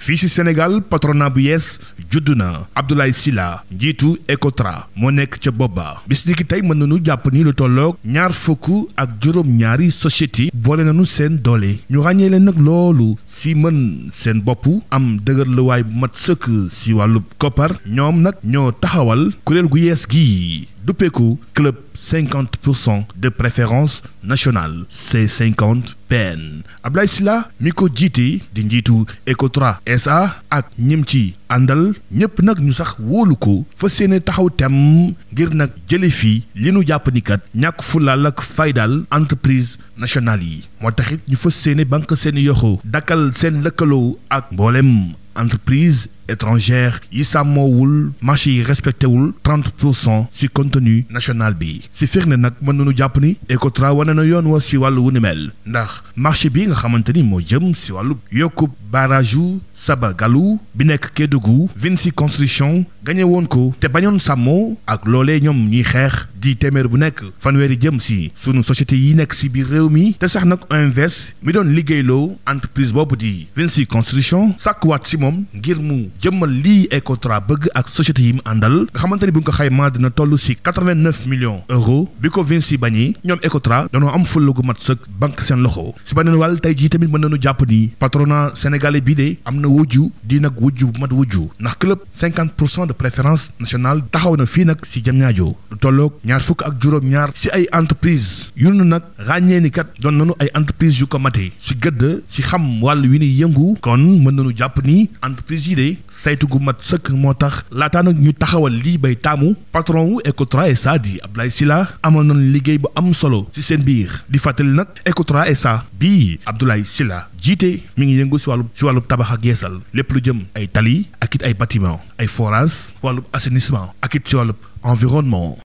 fii ci Sénégal patronat bu yees juddu na Abdoulaye Sylla njiitu Ecotra moo nekk ca bobba bis ni tey mën nañu jàpp ni lu tollook ñaar fukk ak juróom-ñaari société boole nañu seen doole ñu ràññee leen nag loolu ci mën seen bopp am dëgërluwaay bu mat sëkk ci wàllu koppar ñoom nag ñoo taxawal kuréel gu yees gii duppeeku club cinquante pour cent de préférence nationale C50 PN Ablaye Sylla mi ko jiitee di njiitu ECOTRA SA ak ñim ci àndal ñépp nag ñu sax wóolu ko fas yéene taxaw tem ngir nag jële fii li nu jàpp ni kat ñàkk fulaal ak faydal entreprise nationale yi moo taxit ñu fas yéene banque seen yoxo dakkal seen lëkkaloo ak mboolem entreprise étrangère yi sàmmoowul marché yi respecté wul trente pour cent ci contenu national bi ci firnde nag mën nañu jàpp ni Ecotra wane na yoon wa ci wàllu wu ni mel ndax marché bi nga xamante ni moo jëm ci wàllu yokku barrage Saba Galou bi nekk Kédougou Vinci Construction gagné woon ko te bañoon sàmmoo ak loolee ñoom ñuy xeex di téeméer bu nekk fanweeri jëm si sunu société yi nekk si biir réew mi te sax nag OMVS mi doon liggéeyloo entreprise boobu di Vinci construction sàkkuwaat si moom ngir mu jëmmal lii Ecotra bëgg ak société yi mu àndal nga xamante ni bu nga ko xaymaa dina toll si quatre-vingt-neuf millions euros bi ko Vinci bañi ñoom Ecotra danoo am fulla gu mat sëkk banque seen loxo si beneen wàll tey jii tamit mën na nu jàpp nii patrona sénégalais bii de am na wujju di nag wujju bu mat wujju ndax club cinquante pour cent de préférence nationale taxaw na fii nag si Diamniadio lu ñaar fukk ak juróom-ñaar si ay entreprise yu nu nag ràññee ni kat doon nañu ay entreprise yu ko matee si gëdd si xam wàll wi ni yëngu kon mën nañu jàpp ni entreprise yi de saytu gu mat sëkk moo tax laataa nag ñu taxawal lii bay taamu patron wu Ecotra SA di Abdoulaye Sylla amoon nañu liggéey bu am solo ci seen biir di fàttali nag Ecotra SA bii Abdoulaye Sylla jiite mi ngi yëngu si wàllu ci wàllu tabax ak yeesal lépp lu jëm ay tali ak it ay bâtiment ay forage wàllu assainissement ak it si wàllu environnement